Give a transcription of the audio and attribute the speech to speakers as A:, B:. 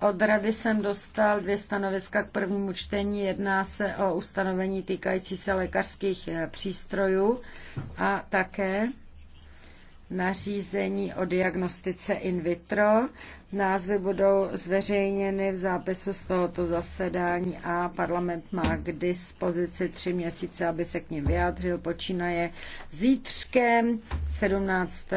A: Od rady jsem dostal dvě stanoviska k prvnímu čtení. Jedná se o ustanovení týkající se lékařských eh, přístrojů a také nařízení o diagnostice in vitro. Názvy budou zveřejněny v zápisu z tohoto zasedání a parlament má k dispozici tři měsíce, aby se k ním vyjádřil. Počínaje zítřkem
B: 17.